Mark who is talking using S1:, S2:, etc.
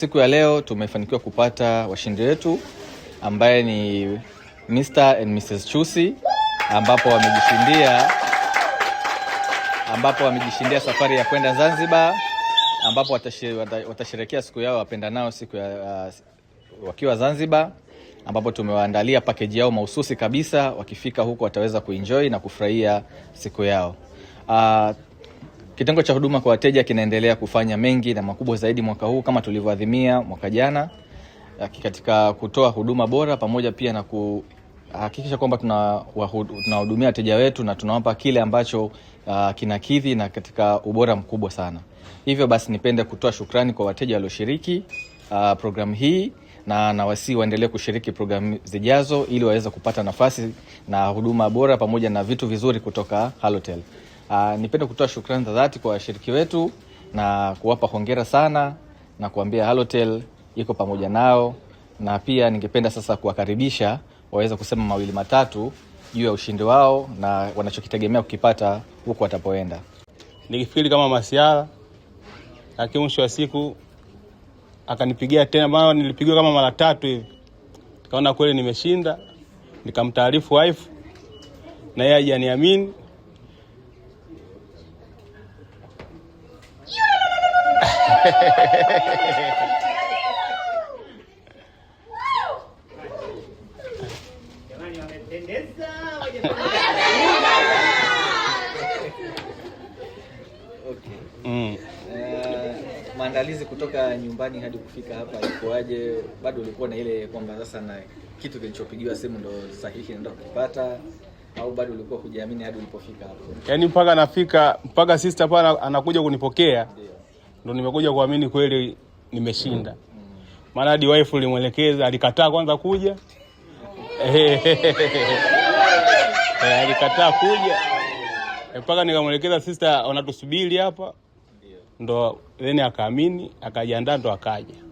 S1: Siku ya leo tumefanikiwa kupata washindi wetu ambaye ni Mr and Mrs Chusi, ambapo wamejishindia ambapo wamejishindia safari ya kwenda Zanzibar, ambapo watasherekea siku yao nao siku ya uh, wakiwa Zanzibar, ambapo tumewaandalia pakeji yao mahususi kabisa. Wakifika huko wataweza kuenjoy na kufurahia siku yao uh, Kitengo cha huduma kwa wateja kinaendelea kufanya mengi na makubwa zaidi mwaka huu kama tulivyoadhimia mwaka jana katika kutoa huduma bora pamoja pia na kuhakikisha kwamba tunawahudumia wateja wetu na tunawapa kile ambacho uh, kinakidhi na katika ubora mkubwa sana. Hivyo basi nipende kutoa shukrani kwa wateja walioshiriki uh, programu hii na nawasii waendelee kushiriki programu zijazo ili waweze kupata nafasi na huduma bora pamoja na vitu vizuri kutoka Halotel. Uh, nipende kutoa shukrani za dhati kwa washiriki wetu na kuwapa hongera sana na kuambia Halotel iko pamoja nao, na pia ningependa sasa kuwakaribisha waweze kusema mawili matatu juu ya ushindi wao na wanachokitegemea kukipata huko watapoenda.
S2: Nikifikiri kama masiara, lakini mwisho wa siku akanipigia tena, mara nilipigiwa kama mara tatu hivi, kaona kweli nimeshinda, nikamtaarifu wife na yeye ajaniamini
S3: Mm. Eh, maandalizi kutoka nyumbani hadi kufika hapa ilikuwaje? Bado ulikuwa na ile kwamba sasa na kitu kilichopigiwa simu ndo sahihi naenda kukipata au bado ulikuwa kujiamini hadi ulipofika hapo?
S4: Yaani mpaka nafika mpaka sister pale anakuja kunipokea ndo nimekuja kuamini kweli nimeshinda, maana hadi wife ulimwelekeza, alikataa kwanza kuja eh, alikataa kuja mpaka nikamwelekeza sister, wanatusubiri hapa, ndo then akaamini, akajiandaa, ndo akaja.